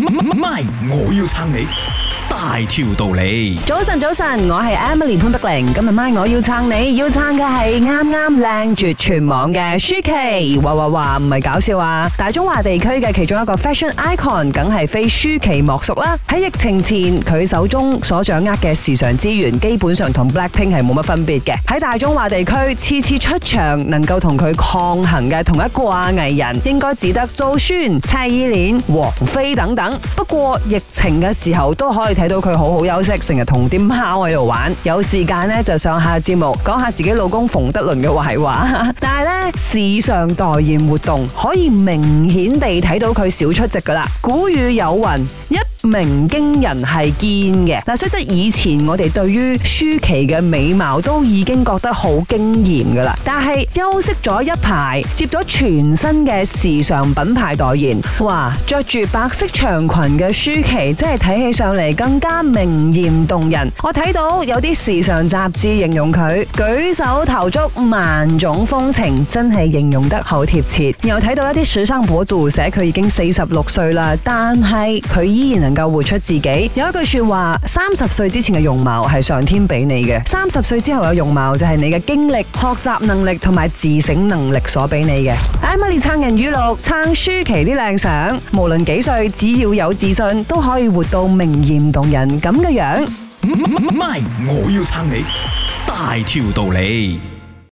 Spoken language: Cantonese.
MY，我要撐你。大條道理。早晨，早晨，我係 Emily 潘德玲。今日晚我要撐你，要撐嘅係啱啱靚絕全網嘅舒淇。哇哇哇唔係搞笑啊！大中華地區嘅其中一個 fashion icon，梗係非舒淇莫屬啦。喺疫情前，佢手中所掌握嘅時尚資源，基本上同 BLACKPINK 係冇乜分別嘅。喺大中華地區，次次出場能夠同佢抗衡嘅同一掛藝人，應該只得周迅、蔡依林、王菲等等。不過疫情嘅時候，都可以睇。到佢好好休息，成日同啲貓喺度玩，有時間呢，就上下節目，講下自己老公馮德倫嘅壞話。 但係呢，時尚代言活動可以明顯地睇到佢少出席噶啦。古語有雲一名驚人係堅嘅，嗱，所以即係以前我哋對於舒淇嘅美貌都已經覺得好驚艷噶啦。但係休息咗一排，接咗全新嘅時尚品牌代言，哇！着住白色長裙嘅舒淇，真係睇起上嚟，更加明艷動人。我睇到有啲時尚雜誌形容佢舉手投足萬種風情，真係形容得好貼切。又睇到一啲時生簿度寫佢已經四十六歲喇，但係真係佢依然。夠活出自己。有一句說話，三十歲之前嘅容貌係上天俾你嘅，三十歲之後嘅容貌就係你嘅經歷、學習能力同埋自省能力所俾你嘅。艾 m i l 撐人語錄，撐舒淇啲靚相，無論幾歲，只要有自信，都可以活到明言動人咁嘅樣,樣。My，我要撐你，大條道理。